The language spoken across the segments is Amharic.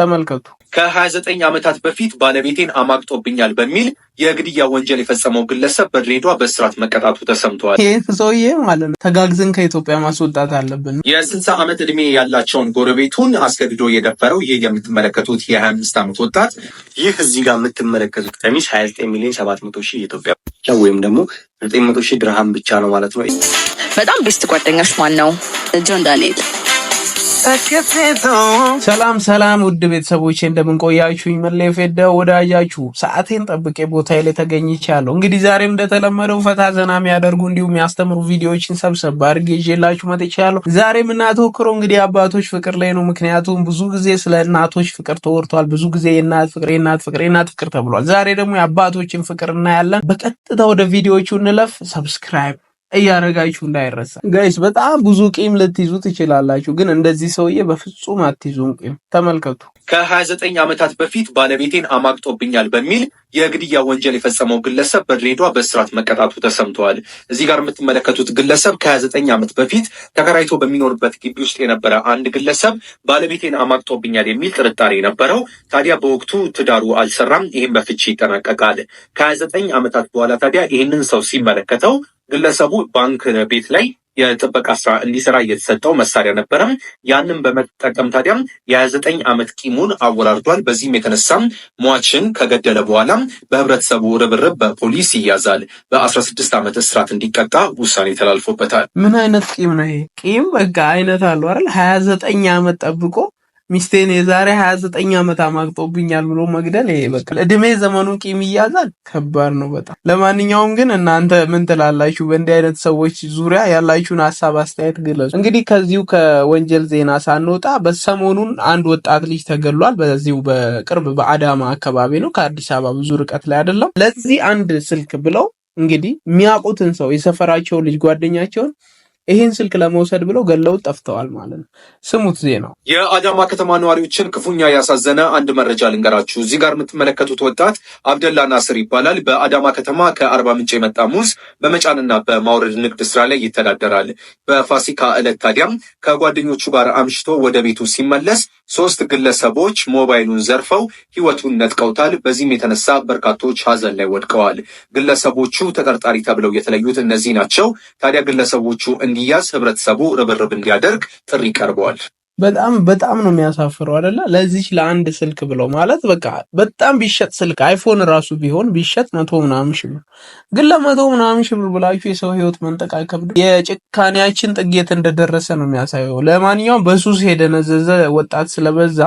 ተመልከቱ። ከ29 ዓመታት በፊት ባለቤቴን አማግጦብኛል በሚል የግድያ ወንጀል የፈጸመው ግለሰብ በድሬዷ በእስራት መቀጣቱ ተሰምተዋል። ይህ ሰውዬ ማለት ነው ተጋግዘን ከኢትዮጵያ ማስወጣት አለብን። የስልሳ ዓመት ዕድሜ ያላቸውን ጎረቤቱን አስገድዶ የደፈረው ይህ የምትመለከቱት የ25 ዓመት ወጣት ይህ እዚህ ጋር የምትመለከቱት ቀሚስ 29 ሚሊዮን 700 ሺህ ኢትዮጵያ ብቻ ወይም ደግሞ 900 ሺህ ድርሃም ብቻ ነው ማለት ነው። በጣም ቤስት ጓደኛሽ ማን ነው? ጆን ዳንኤል ሰላም ሰላም ውድ ቤተሰቦቼ እንደምንቆያችሁ መለፍ ፈደ ወዳጃችሁ ሰዓቴን ጠብቄ ቦታ ላይ ተገኝቻለሁ። እንግዲህ ዛሬም እንደተለመደው ፈታ ዘና የሚያደርጉ እንዲሁም የሚያስተምሩ ቪዲዮዎችን ሰብሰብ አድርጌ ይዤላችሁ መጥቻለሁ። ዛሬ የምናተወክረው እንግዲህ አባቶች ፍቅር ላይ ነው። ምክንያቱም ብዙ ጊዜ ስለ እናቶች ፍቅር ተወርቷል። ብዙ ጊዜ የእናት ፍቅር የእናት ፍቅር የእናት ፍቅር ተብሏል። ዛሬ ደግሞ የአባቶችን ፍቅር እናያለን። በቀጥታ ወደ ቪዲዮቹ እንለፍ። ሰብስክራይብ እያደረጋችሁ እንዳይረሳ ጋይስ። በጣም ብዙ ቂም ልትይዙ ትችላላችሁ፣ ግን እንደዚህ ሰውዬ በፍጹም አትይዙም ቂም። ተመልከቱ። ከ29 ዓመታት በፊት ባለቤቴን አማግጦብኛል በሚል የግድያ ወንጀል የፈጸመው ግለሰብ በድሬዳዋ በእስራት መቀጣቱ ተሰምተዋል። እዚህ ጋር የምትመለከቱት ግለሰብ ከ29 ዓመት በፊት ተከራይቶ በሚኖርበት ግቢ ውስጥ የነበረ አንድ ግለሰብ ባለቤቴን አማግጦብኛል የሚል ጥርጣሬ ነበረው። ታዲያ በወቅቱ ትዳሩ አልሰራም። ይህም በፍቺ ይጠናቀቃል። ከ29 ዓመታት በኋላ ታዲያ ይህንን ሰው ሲመለከተው ግለሰቡ ባንክ ቤት ላይ የጥበቃ ስራ እንዲሰራ እየተሰጠው መሳሪያ ነበረም ያንን በመጠቀም ታዲያም የ29 ዓመት ቂሙን አወራርዷል። በዚህም የተነሳም ሟችን ከገደለ በኋላ በህብረተሰቡ ርብርብ በፖሊስ ይያዛል። በ16 ዓመት እስራት እንዲቀጣ ውሳኔ ተላልፎበታል። ምን አይነት ቂም ነው ይሄ? ቂም በቃ አይነት አሉ አይደል? 29 ዓመት ጠብቆ ሚስቴን የዛሬ 29 ዓመት አማግጦብኛል ብሎ መግደል ይሄ በቃ እድሜ ዘመኑ ቂም ይያዛል። ከባድ ነው በጣም። ለማንኛውም ግን እናንተ ምን ትላላችሁ? በእንዲህ አይነት ሰዎች ዙሪያ ያላችሁን ሀሳብ አስተያየት ግለጹ። እንግዲህ ከዚሁ ከወንጀል ዜና ሳንወጣ በሰሞኑን አንድ ወጣት ልጅ ተገሏል። በዚሁ በቅርብ በአዳማ አካባቢ ነው፣ ከአዲስ አበባ ብዙ ርቀት ላይ አይደለም። ለዚህ አንድ ስልክ ብለው እንግዲህ የሚያውቁትን ሰው የሰፈራቸውን ልጅ ጓደኛቸውን ይህን ስልክ ለመውሰድ ብለው ገለውት ጠፍተዋል ማለት ነው። ስሙት ዜናው። የአዳማ ከተማ ነዋሪዎችን ክፉኛ ያሳዘነ አንድ መረጃ ልንገራችሁ። እዚህ ጋር የምትመለከቱት ወጣት አብደላ ናስር ይባላል። በአዳማ ከተማ ከአርባ ምንጭ የመጣ ሙዝ በመጫንና በማውረድ ንግድ ስራ ላይ ይተዳደራል። በፋሲካ ዕለት ታዲያም ከጓደኞቹ ጋር አምሽቶ ወደ ቤቱ ሲመለስ ሶስት ግለሰቦች ሞባይሉን ዘርፈው ህይወቱን ነጥቀውታል። በዚህም የተነሳ በርካቶች ሀዘን ላይ ወድቀዋል። ግለሰቦቹ ተጠርጣሪ ተብለው የተለዩት እነዚህ ናቸው። ታዲያ ግለሰቦቹ እንዲያዝ ህብረተሰቡ ርብርብ እንዲያደርግ ጥሪ ቀርበዋል። በጣም በጣም ነው የሚያሳፍረው አይደለ? ለዚች ለአንድ ስልክ ብለው ማለት በቃ በጣም ቢሸጥ ስልክ አይፎን ራሱ ቢሆን ቢሸጥ መቶ ምናምን ሺህ ብር ግን ለመቶ ምናምን ሺህ ብር ብላችሁ የሰው ህይወት መንጠቅ አይከብድም? የጭካኔያችን ጥጌት እንደደረሰ ነው የሚያሳየው። ለማንኛውም በሱስ የደነዘዘ ወጣት ስለበዛ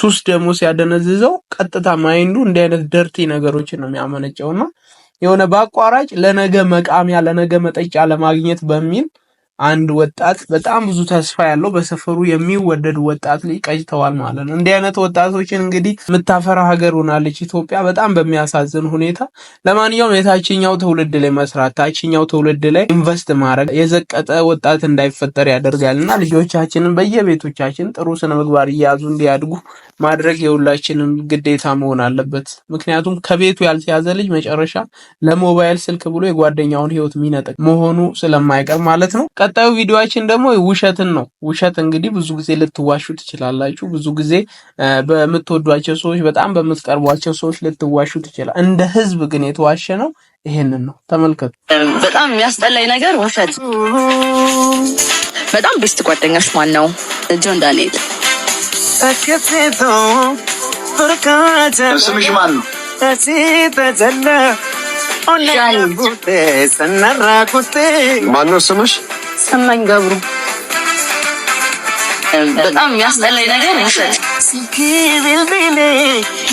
ሱስ ደግሞ ሲያደነዝዘው ቀጥታ ማይንዱ እንዲህ አይነት ደርቲ ነገሮችን ነው የሚያመነጨውና የሆነ በአቋራጭ ለነገ መቃሚያ ለነገ መጠጫ ለማግኘት በሚል አንድ ወጣት በጣም ብዙ ተስፋ ያለው በሰፈሩ የሚወደድ ወጣት ልጅ ቀጭተዋል ማለት ነው። እንዲህ አይነት ወጣቶችን እንግዲህ የምታፈራ ሀገር ሆናለች ኢትዮጵያ በጣም በሚያሳዝን ሁኔታ። ለማንኛውም የታችኛው ትውልድ ላይ መስራት፣ ታችኛው ትውልድ ላይ ኢንቨስት ማድረግ የዘቀጠ ወጣት እንዳይፈጠር ያደርጋል እና ልጆቻችንን በየቤቶቻችን ጥሩ ስነ ምግባር እየያዙ እንዲያድጉ ማድረግ የሁላችንም ግዴታ መሆን አለበት። ምክንያቱም ከቤቱ ያልተያዘ ልጅ መጨረሻ ለሞባይል ስልክ ብሎ የጓደኛውን ህይወት የሚነጥቅ መሆኑ ስለማይቀር ማለት ነው። ቀጣዩ ቪዲዮአችን ደግሞ ውሸትን ነው። ውሸት እንግዲህ ብዙ ጊዜ ልትዋሹ ትችላላችሁ። ብዙ ጊዜ በምትወዷቸው ሰዎች፣ በጣም በምትቀርቧቸው ሰዎች ልትዋሹ ትችላል። እንደ ህዝብ ግን የተዋሸ ነው ይሄንን ነው ተመልከቱ። በጣም የሚያስጠላኝ ነገር ውሸት። በጣም ቤስት ጓደኛሽ ማን ነው? ጆን ዳንኤል። ስምሽ ማን ነው? ማነው ስምሽ? ሰማኝ ገብሩ በጣም የሚያስጠላኝ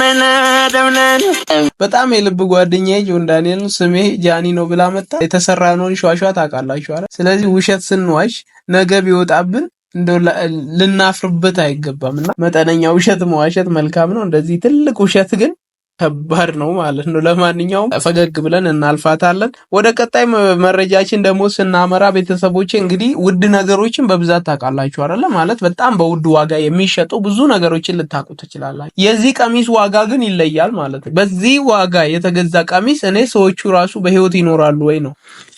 ነገር በጣም የልብ ጓደኛ ጆን ዳንኤል ስሜ ጃኒ ነው ብላ መጣ የተሰራ ነውን ሸዋሸዋ ታውቃላችሁ። ስለዚህ ውሸት ስንዋሽ ነገ ቢወጣብን እንደው ልናፍርበት አይገባም እና መጠነኛ ውሸት መዋሸት መልካም ነው። እንደዚህ ትልቅ ውሸት ግን ከባድ ነው ማለት ነው። ለማንኛውም ፈገግ ብለን እናልፋታለን። ወደ ቀጣይ መረጃችን ደግሞ ስናመራ ቤተሰቦች እንግዲህ ውድ ነገሮችን በብዛት ታውቃላችሁ አይደለ? ማለት በጣም በውድ ዋጋ የሚሸጡ ብዙ ነገሮችን ልታውቁ ትችላላችሁ። የዚህ ቀሚስ ዋጋ ግን ይለያል ማለት ነው። በዚህ ዋጋ የተገዛ ቀሚስ እኔ ሰዎቹ ራሱ በህይወት ይኖራሉ ወይ ነው።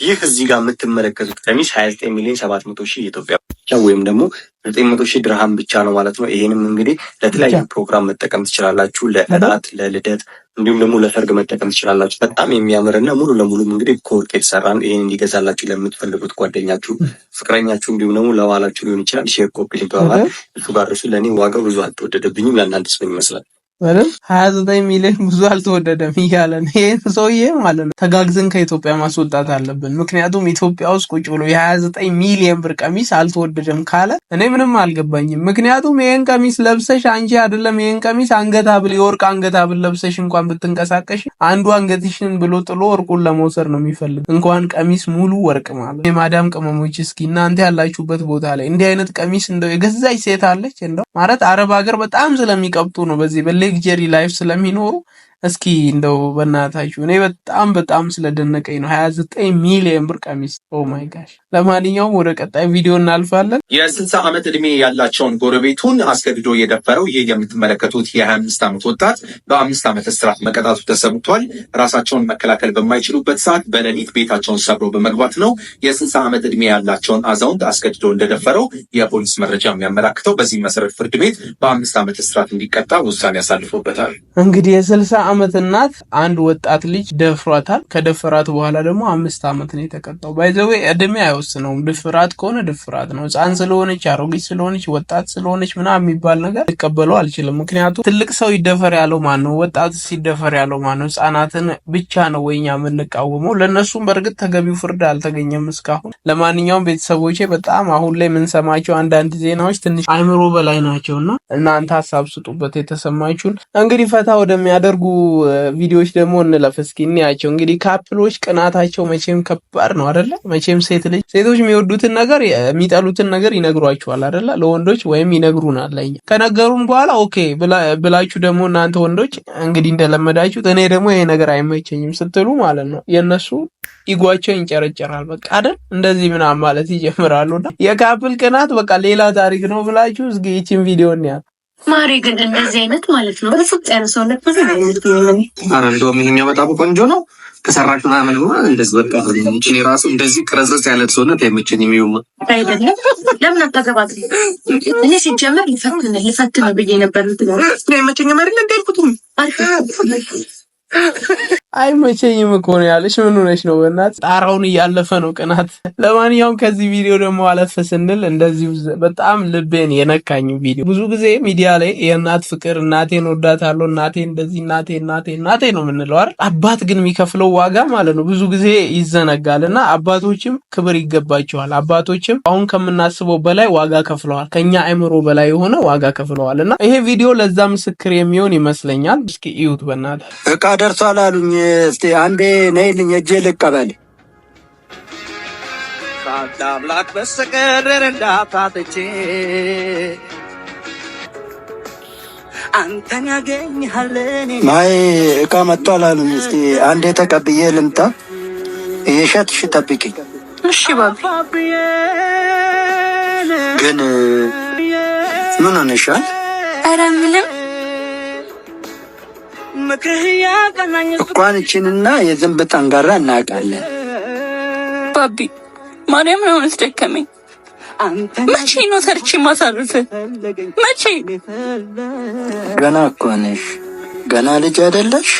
ይህ እዚህ ጋር የምትመለከቱት ቀሚስ 29 ሚሊዮን 700 ሺህ ኢትዮጵያ ወይም ደግሞ ዘጠኝ መቶ ሺህ ድርሃም ብቻ ነው ማለት ነው። ይሄንም እንግዲህ ለተለያዩ ፕሮግራም መጠቀም ትችላላችሁ። ለእራት፣ ለልደት እንዲሁም ደግሞ ለሰርግ መጠቀም ትችላላችሁ። በጣም የሚያምር እና ሙሉ ለሙሉም እንግዲህ ከወርቅ የተሰራ ነው። ይህን እንዲገዛላችሁ ለምትፈልጉት ጓደኛችሁ፣ ፍቅረኛችሁ እንዲሁም ደግሞ ለባላችሁ ሊሆን ይችላል። ሼር ኮፒ ሊንክ እሱ ጋር እሱ ለእኔ ዋጋው ብዙ አልተወደደብኝም። ለእናንተስ ምን ይመስላል? ምንም ሀያ ዘጠኝ ሚሊዮን ብዙ አልተወደደም እያለን ይህን ሰውዬ ማለት ነው ተጋግዘን ከኢትዮጵያ ማስወጣት አለብን። ምክንያቱም ኢትዮጵያ ውስጥ ቁጭ ብሎ የሀያ ዘጠኝ ሚሊዮን ብር ቀሚስ አልተወደደም ካለ እኔ ምንም አልገባኝም። ምክንያቱም ይህን ቀሚስ ለብሰሽ አንቺ አይደለም ይህን ቀሚስ አንገት ብል የወርቅ አንገት ብል ለብሰሽ እንኳን ብትንቀሳቀሽ አንዱ አንገትሽን ብሎ ጥሎ ወርቁን ለመውሰድ ነው የሚፈልግ እንኳን ቀሚስ ሙሉ ወርቅ ማለት የማዳም ቅመሞች፣ እስኪ እናንተ ያላችሁበት ቦታ ላይ እንዲህ አይነት ቀሚስ እንደው የገዛች ሴት አለች? እንደው ማለት አረብ ሀገር በጣም ስለሚቀብጡ ነው በዚህ በሌ የላግጀሪ ላይፍ ስለሚኖሩ እስኪ እንደው በእናታችሁ እኔ በጣም በጣም ስለደነቀኝ ነው። ሀያ ዘጠኝ ሚሊዮን ብር ቀሚስ ኦ ማይ ጋሽ። ለማንኛውም ወደ ቀጣይ ቪዲዮ እናልፋለን። የስልሳ ዓመት እድሜ ያላቸውን ጎረቤቱን አስገድዶ የደፈረው ይህ የምትመለከቱት የሀያ አምስት ዓመት ወጣት በአምስት ዓመት እስራት መቀጣቱ ተሰምቷል። ራሳቸውን መከላከል በማይችሉበት ሰዓት በሌሊት ቤታቸውን ሰብሮ በመግባት ነው የስልሳ ዓመት እድሜ ያላቸውን አዛውንት አስገድዶ እንደደፈረው የፖሊስ መረጃ የሚያመላክተው። በዚህ መሰረት ፍርድ ቤት በአምስት ዓመት እስራት እንዲቀጣ ውሳኔ ያሳልፎበታል። እንግዲህ የስልሳ ዓመት እናት አንድ ወጣት ልጅ ደፍሯታል። ከደፍራት በኋላ ደግሞ አምስት ዓመት ነው የተቀጣው። ባይዘዌ እድሜ አይወስነውም። ድፍራት ከሆነ ድፍራት ነው። ህፃን ስለሆነች አሮጊት ስለሆነች ወጣት ስለሆነች ምና የሚባል ነገር ሊቀበለው አልችልም። ምክንያቱም ትልቅ ሰው ይደፈር ያለው ማን ነው? ወጣት ሲደፈር ያለው ማን ነው? ህጻናትን ብቻ ነው ወይኛ የምንቃወመው። ለእነሱም በእርግጥ ተገቢው ፍርድ አልተገኘም እስካሁን። ለማንኛውም ቤተሰቦቼ በጣም አሁን ላይ የምንሰማቸው አንዳንድ ዜናዎች ትንሽ አይምሮ በላይ ናቸውና እናንተ ሀሳብ ስጡበት የተሰማችሁን እንግዲህ ፈታ ወደሚያደርጉ ቪዲዮዎች uh, ደግሞ እንለፍ እስኪ እንያቸው። እንግዲህ ካፕሎች ቅናታቸው መቼም ከባድ ነው አደለ? መቼም ሴት ልጅ ሴቶች የሚወዱትን ነገር የሚጠሉትን ነገር ይነግሯቸዋል አደለ? ለወንዶች ወይም ይነግሩናል። ለኛ ከነገሩን በኋላ ኦኬ ብላችሁ ደግሞ እናንተ ወንዶች እንግዲህ እንደለመዳችሁት እኔ ደግሞ ይሄ ነገር አይመቸኝም ስትሉ ማለት ነው የእነሱ ይጓቸው ይንጨረጨራል። በቃ አይደል እንደዚህ ምናምን ማለት ይጀምራሉና የካፕል ቅናት በቃ ሌላ ታሪክ ነው ብላችሁ እስኪ ይችን ቪዲዮ እንያት። ማሬ ግን እንደዚህ አይነት ማለት ነው በፍጥ ያለ ሰውነት ብዙ አይነት አረ እንደውም ይሄኛው የሚያመጣ ቆንጆ ነው ከሰራሽ ምናምን እንደዚህ በቃ ችን የራሱ እንደዚህ ቅረጽረጽ ያለ ሰውነት የምችን የሚውማ አይደለም ለምን አታገባት? እኔ ሲጀመር ልፈትን ልፈትን ብዬ ነበር። የምችኝ መሪ አይደለ እንዳልኩት አይመቸኝም እኮ ነው ያለሽ። ምን ሆነሽ ነው? በእናትሽ ጣራውን እያለፈ ነው ቅናት። ለማንኛውም ከዚህ ቪዲዮ ደግሞ አለፍ ስንል እንደዚህ በጣም ልቤን የነካኝ ቪዲዮ፣ ብዙ ጊዜ ሚዲያ ላይ የእናት ፍቅር እናቴን ወዳታለሁ፣ እናቴ እንደዚህ፣ እናቴ እናቴ እናቴ ነው የምንለው አይደል? አባት ግን የሚከፍለው ዋጋ ማለት ነው ብዙ ጊዜ ይዘነጋል። እና አባቶችም ክብር ይገባቸዋል። አባቶችም አሁን ከምናስበው በላይ ዋጋ ከፍለዋል፣ ከኛ አይምሮ በላይ የሆነ ዋጋ ከፍለዋል። እና ይሄ ቪዲዮ ለዛ ምስክር የሚሆን ይመስለኛል። እስኪ እዩት በእናትህ ደርሷል አሉኝ። እስቲ አንዴ ነይልኝ እጄ ልቀበል። አምላክ በስተቀር ረዳት አንተን ያገኝሃለን። ማይ እቃ መጥቷል አሉኝ። እስቲ አንዴ ተቀብዬ ልምጣ። የሸትሽ ጠብቂኝ። እሺ ባቢ። ግን ምን ሆነሻል? ኧረ ምንም እንኳን እችንና የዝንብ ጠንጋራ እናውቃለን። ባቢ ማርያም ነው አስደከመኝ። መቼ ነው ሰርቼ ማሳርፍ? መቼ ገና እኮ ነሽ፣ ገና ልጅ አይደለሽ።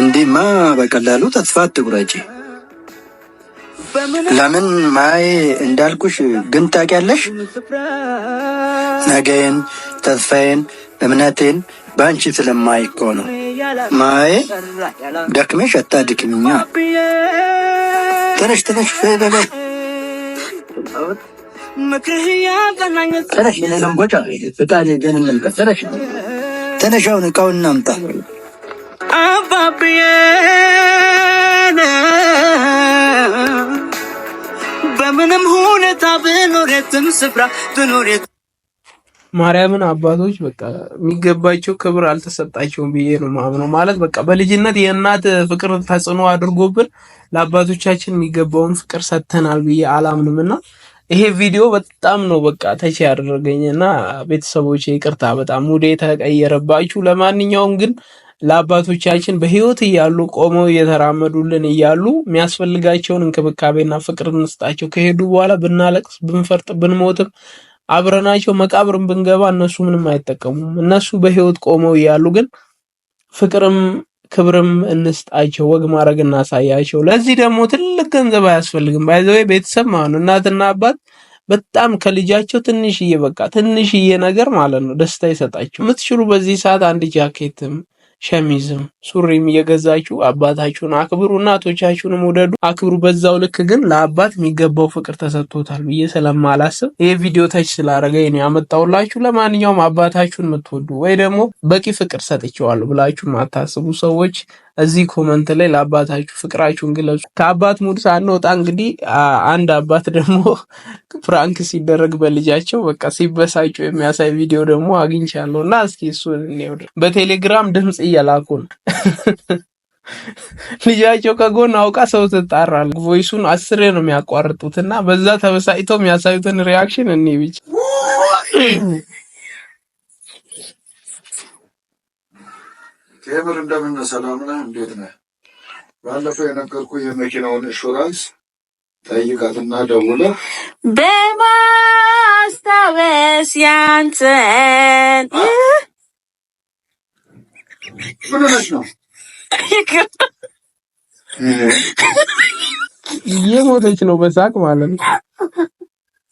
እንዲህማ በቀላሉ ተስፋ አትቁረጪ። ለምን ማይ እንዳልኩሽ ግን ታውቂያለሽ ነገን ተስፋዬን እምነቴን በአንቺ ስለማይኮ ነው ማዬ። ደክሜሽ አታድክምኛ። ተነሽ ተነሽ በበል ተነሽ። ለንጎጫ ፍጣሪ ገን ተነሽ ተነሽ። አሁን እቃውን እናምጣ። አባብዬ በምንም ሁኔታ ብኖሬትም ስፍራ ብኖሬት ማርያምን አባቶች በቃ የሚገባቸው ክብር አልተሰጣቸውም ብዬ ነው ማምነው። ማለት በቃ በልጅነት የእናት ፍቅር ተጽዕኖ አድርጎብን ለአባቶቻችን የሚገባውን ፍቅር ሰጥተናል ብዬ አላምንም እና ይሄ ቪዲዮ በጣም ነው በቃ ተቼ ያደረገኝ እና ቤተሰቦች ይቅርታ፣ በጣም ሙዴ ተቀየረባችሁ። ለማንኛውም ግን ለአባቶቻችን በህይወት እያሉ ቆመው እየተራመዱልን እያሉ የሚያስፈልጋቸውን እንክብካቤና ፍቅር እንስጣቸው። ከሄዱ በኋላ ብናለቅስ ብንፈርጥ ብንሞትም አብረናቸው መቃብርን ብንገባ እነሱ ምንም አይጠቀሙም። እነሱ በህይወት ቆመው እያሉ ግን ፍቅርም ክብርም እንስጣቸው፣ ወግ ማድረግ እናሳያቸው። ለዚህ ደግሞ ትልቅ ገንዘብ አያስፈልግም። ባይዘዌ ቤተሰብ ማለት ነው እናትና አባት በጣም ከልጃቸው ትንሽዬ በቃ ትንሽዬ ነገር ማለት ነው ደስታ ይሰጣቸው። የምትችሉ በዚህ ሰዓት አንድ ጃኬትም ሸሚዝም ሱሪም እየገዛችሁ አባታችሁን አክብሩ፣ እናቶቻችሁንም ውደዱ፣ አክብሩ። በዛው ልክ ግን ለአባት የሚገባው ፍቅር ተሰጥቶታል ብዬ ስለማላስብ ይህ ቪዲዮ ተች ስላደረገ ነው ያመጣውላችሁ። ለማንኛውም አባታችሁን የምትወዱ ወይ ደግሞ በቂ ፍቅር ሰጥቼዋለሁ ብላችሁ የማታስቡ ሰዎች እዚህ ኮመንት ላይ ለአባታችሁ ፍቅራችሁን ግለጹ። ከአባት ሙድ ሳንወጣ እንግዲህ አንድ አባት ደግሞ ፍራንክ ሲደረግ በልጃቸው በቃ ሲበሳጩ የሚያሳይ ቪዲዮ ደግሞ አግኝቻለሁ እና እስኪ እሱን በቴሌግራም ድምፅ እየላኩ ነው። ልጃቸው ከጎን አውቃ ሰው ትጣራል። ቮይሱን አስሬ ነው የሚያቋርጡት እና በዛ ተበሳጭተው የሚያሳዩትን ሪያክሽን እኔ ብቻ ቴምር እንደምን ሰላም ነህ? እንዴት ነህ? ባለፈው የነገርኩ የመኪናውን ኢንሹራንስ ጠይቃትና ደውለ በማስታወስ ያንተን ምን ሆነሽ ነው? የሞተች ነው በሳቅ ማለት ነው።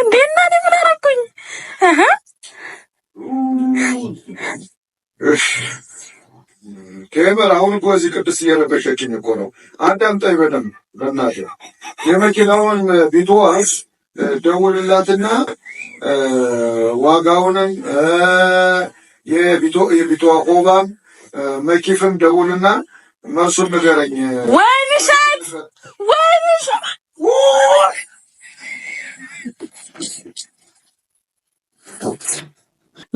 እንዴና ምን አደረኩኝ? ቴምር አሁን እኮ እዚህ ቅድስት እየረበሸችኝ እኮ ነው። አዳምጠኝ በደምብ በእናትህ። የመኪናውን ቢትዋስ ደውልላትና ዋጋውንም የቢትዋ ሆባም መኪፍም ደውልና እነሱን ንገረኝ። ወይ ምሸት ወይ ምሸት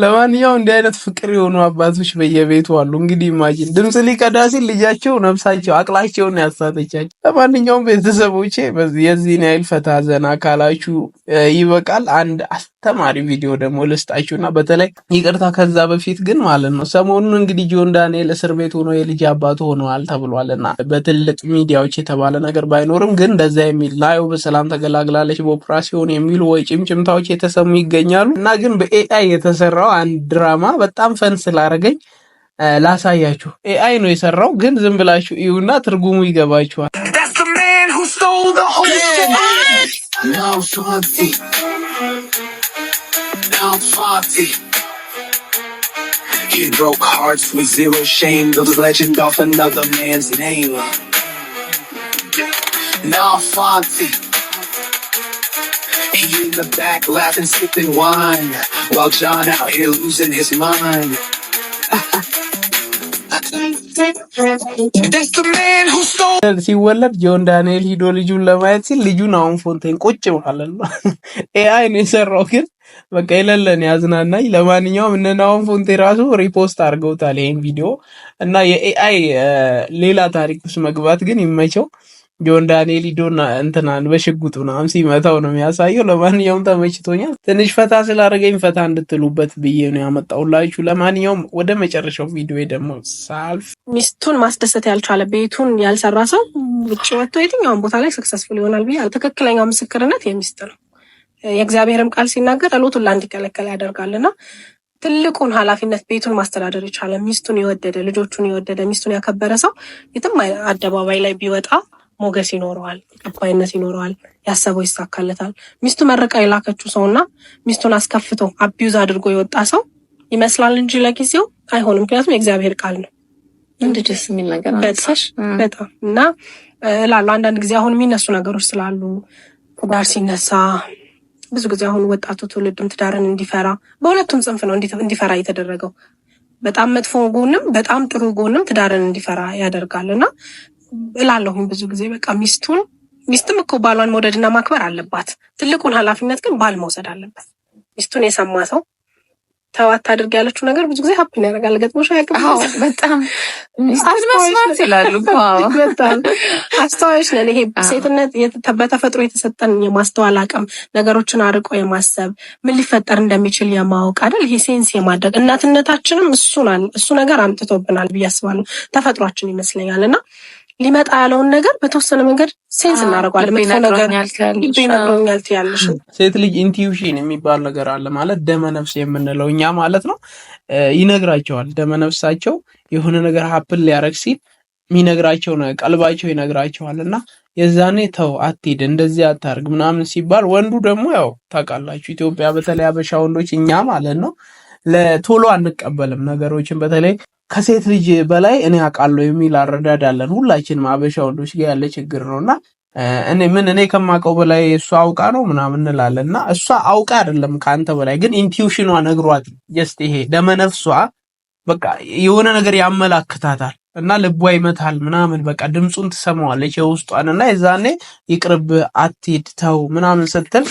ለማንኛውም እንዲህ አይነት ፍቅር የሆኑ አባቶች በየቤቱ አሉ። እንግዲህ ኢማጂን ድምፅ ሊቀዳ ሲል ልጃቸው ነፍሳቸው አቅላቸውን ያሳተቻቸው። ለማንኛውም ቤተሰቦቼ የዚህን ያህል ፈታ ዘና ካላችሁ ይበቃል። አንድ አስተማሪ ቪዲዮ ደግሞ ልስጣችሁ እና በተለይ ይቅርታ፣ ከዛ በፊት ግን ማለት ነው ሰሞኑን እንግዲህ ጆን ዳንኤል እስር ቤት ሆኖ የልጅ አባት ሆነዋል ተብሏል በትልቅ ሚዲያዎች የተባለ ነገር ባይኖርም ግን እንደዛ የሚል ናዮ በሰላም ተገላግላለች በኦፕራሲዮን የሚሉ ወይ ጭምጭምታዎች የተሰሙ ይገኛሉ እና ግን በኤአይ የተሰራው አንድ ድራማ በጣም ፈን ስላደረገኝ ላሳያችሁ። ኤአይ ነው የሰራው፣ ግን ዝም ብላችሁ እዩና ትርጉሙ ይገባችኋል። Now Shanti. Now Shanti. He broke hearts with zero shame, the legend of another man's name. Now Fonty. He in the back laughing, sipping wine, while John out here losing his mind. ሲወለድ ጆን ዳንኤል ሂዶ ልጁን ለማየት ሲል ልጁን አሁን ፎንቴን ቁጭ ብሏል። ኤአይ ነው የሰራው፣ ግን በቃ የለለን ያዝናናኝ። ለማንኛውም እነ ናሆም ፎንቴ ራሱ ሪፖስት አድርገውታል ይህን ቪዲዮ እና የኤአይ ሌላ ታሪክ ውስጥ መግባት ግን ይመቸው። ጆን ዳንኤል ሂዶና እንትናን በሽጉጡ ምናምን ሲመታው ነው የሚያሳየው። ለማንኛውም ተመችቶኛል። ትንሽ ፈታ ስላደረገኝ ፈታ እንድትሉበት ብዬ ነው ያመጣውላችሁ። ለማንኛውም ወደ መጨረሻው ቪዲዮ ደግሞ ሳልፍ ሚስቱን ማስደሰት ያልቻለ ቤቱን ያልሰራ ሰው ውጭ ወጥቶ የትኛውን ቦታ ላይ ሰክሰስፉል ይሆናል ብዬ ትክክለኛው ምስክርነት የሚስት ነው። የእግዚአብሔርም ቃል ሲናገር ጸሎቱን ለአንድ ይከለከል ያደርጋልና ትልቁን ኃላፊነት ቤቱን ማስተዳደር የቻለ ሚስቱን የወደደ ልጆቹን የወደደ ሚስቱን ያከበረ ሰው የትም አደባባይ ላይ ቢወጣ ሞገስ ይኖረዋል፣ ተቀባይነት ይኖረዋል፣ ያሰበው ይሳካለታል። ሚስቱ መርቃ የላከችው ሰው ሚስቱን አስከፍቶ አቢዩዝ አድርጎ የወጣ ሰው ይመስላል እንጂ ለጊዜው አይሆንም። ምክንያቱም የእግዚአብሔር ቃል ነው። እንደ ደስ የሚል ነገር በጣም እና ላሉ አንዳንድ ጊዜ አሁን የሚነሱ ነገሮች ስላሉ ትዳር ሲነሳ ብዙ ጊዜ አሁን ወጣቱ ትውልድም ትዳርን እንዲፈራ በሁለቱም ጽንፍ ነው እንዲፈራ የተደረገው። በጣም መጥፎ ጎንም በጣም ጥሩ ጎንም ትዳርን እንዲፈራ ያደርጋል እና እላለሁኝ ብዙ ጊዜ በቃ ሚስቱን ሚስትም እኮ ባሏን መውደድና ማክበር አለባት። ትልቁን ኃላፊነት ግን ባል መውሰድ አለበት። ሚስቱን የሰማ ሰው ተዋት አድርግ ያለችው ነገር ብዙ ጊዜ ሀፕን ያደርጋል። ገጥሞሽ አያውቅም? በጣም አስተዋዮች ነን። ይሄ ሴትነት በተፈጥሮ የተሰጠን የማስተዋል አቅም፣ ነገሮችን አርቆ የማሰብ ምን ሊፈጠር እንደሚችል የማወቅ አይደል? ይሄ ሴንስ የማድረግ እናትነታችንም እሱ ነገር አምጥቶብናል ብዬ አስባለሁ። ተፈጥሯችን ይመስለኛል እና ሊመጣ ያለውን ነገር በተወሰነ መንገድ ሴንስ እናደርገዋለን። ሴት ልጅ ኢንቲዩሽን የሚባል ነገር አለ ማለት ደመነፍስ የምንለው እኛ ማለት ነው። ይነግራቸዋል ደመነፍሳቸው የሆነ ነገር ሀፕን ሊያደርግ ሲል የሚነግራቸው ቀልባቸው ይነግራቸዋል እና የዛኔ ተው አትሄድ፣ እንደዚህ አታርግ ምናምን ሲባል ወንዱ ደግሞ ያው ታውቃላችሁ ኢትዮጵያ በተለይ አበሻ ወንዶች እኛ ማለት ነው ለቶሎ አንቀበልም ነገሮችን በተለይ ከሴት ልጅ በላይ እኔ አውቃለሁ የሚል አረዳድ አለን። ሁላችንም አበሻ ወንዶች ጋር ያለ ችግር ነው እና እኔ ምን እኔ ከማውቀው በላይ እሷ አውቃ ነው ምናምን እንላለን እና እሷ አውቃ አይደለም ከአንተ በላይ ግን ኢንቲዩሽኗ ነግሯት ጀስት ይሄ ደመነፍሷ በቃ የሆነ ነገር ያመላክታታል እና ልቧ ይመታል ምናምን በቃ ድምፁን ትሰማዋለች የውስጧን እና የዛኔ ይቅርብ አትሂድ ተው ምናምን ስትል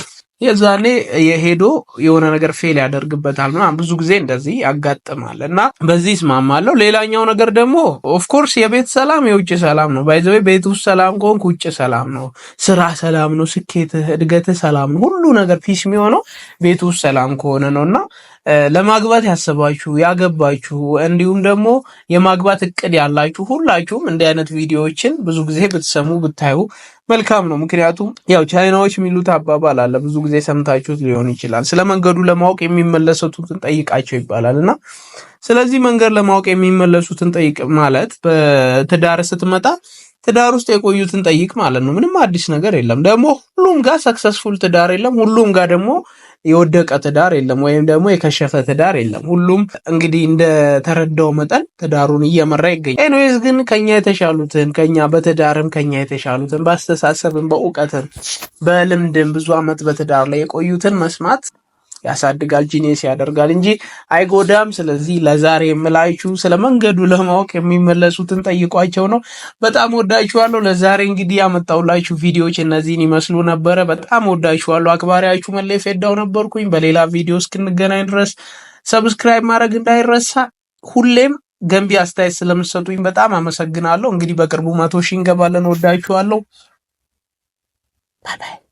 የዛኔ የሄዶ የሆነ ነገር ፌል ያደርግበታል ምናምን ብዙ ጊዜ እንደዚህ ያጋጥማል እና በዚህ ይስማማለሁ። ሌላኛው ነገር ደግሞ ኦፍኮርስ የቤት ሰላም የውጭ ሰላም ነው። ባይዘዌ ቤት ውስጥ ሰላም ከሆንክ ውጭ ሰላም ነው፣ ስራ ሰላም ነው፣ ስኬትህ እድገትህ ሰላም ነው። ሁሉ ነገር ፒስ የሚሆነው ቤት ውስጥ ሰላም ከሆነ ነው እና ለማግባት ያሰባችሁ ያገባችሁ፣ እንዲሁም ደግሞ የማግባት እቅድ ያላችሁ ሁላችሁም እንዲህ አይነት ቪዲዮዎችን ብዙ ጊዜ ብትሰሙ ብታዩ መልካም ነው። ምክንያቱም ያው ቻይናዎች የሚሉት አባባል አለ፣ ብዙ ጊዜ ሰምታችሁት ሊሆን ይችላል። ስለ መንገዱ ለማወቅ የሚመለሱትን ጠይቃቸው ይባላል እና ስለዚህ መንገድ ለማወቅ የሚመለሱትን ጠይቅ ማለት በትዳር ስትመጣ ትዳር ውስጥ የቆዩትን ጠይቅ ማለት ነው። ምንም አዲስ ነገር የለም። ደግሞ ሁሉም ጋር ሰክሰስፉል ትዳር የለም። ሁሉም ጋር ደግሞ የወደቀ ትዳር የለም፣ ወይም ደግሞ የከሸፈ ትዳር የለም። ሁሉም እንግዲህ እንደተረዳው መጠን ትዳሩን እየመራ ይገኛል። ኤኒዌይዝ ግን ከኛ የተሻሉትን ከኛ በትዳርም ከኛ የተሻሉትን በአስተሳሰብም፣ በእውቀትም፣ በልምድም ብዙ ዓመት በትዳር ላይ የቆዩትን መስማት ያሳድጋል፣ ጂኔስ ያደርጋል እንጂ አይጎዳም። ስለዚህ ለዛሬ የምላችሁ ስለ መንገዱ ለማወቅ የሚመለሱትን ጠይቋቸው ነው። በጣም ወዳችኋለሁ። ለዛሬ እንግዲህ ያመጣሁላችሁ ቪዲዮዎች እነዚህን ይመስሉ ነበረ። በጣም ወዳችኋለሁ። አክባሪያችሁ መለይ ፌዳው ነበርኩኝ። በሌላ ቪዲዮ እስክንገናኝ ድረስ ሰብስክራይብ ማድረግ እንዳይረሳ ሁሌም ገንቢ አስተያየት ስለምትሰጡኝ በጣም አመሰግናለሁ። እንግዲህ በቅርቡ መቶ ሺህ እንገባለን። ወዳችኋለሁ። ባይ ባይ።